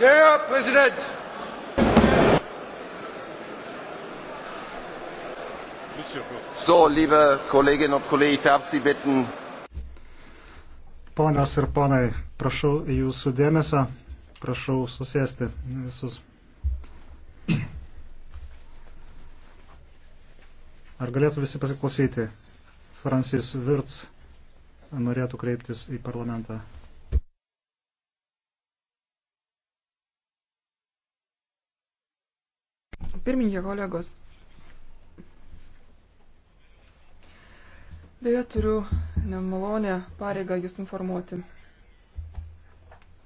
Herr Präsident! So, liebe Kolleginnen und Kollegen, ich darf Sie bitten. Ponios ir ponai, prašau jūsų dėmesio, prašau susėsti visus. Ar galėtų visi pasiklausyti? Francis Virts norėtų kreiptis į parlamentą. Pirmininkė kolegos, dėja turiu nemalonę pareigą jūs informuoti.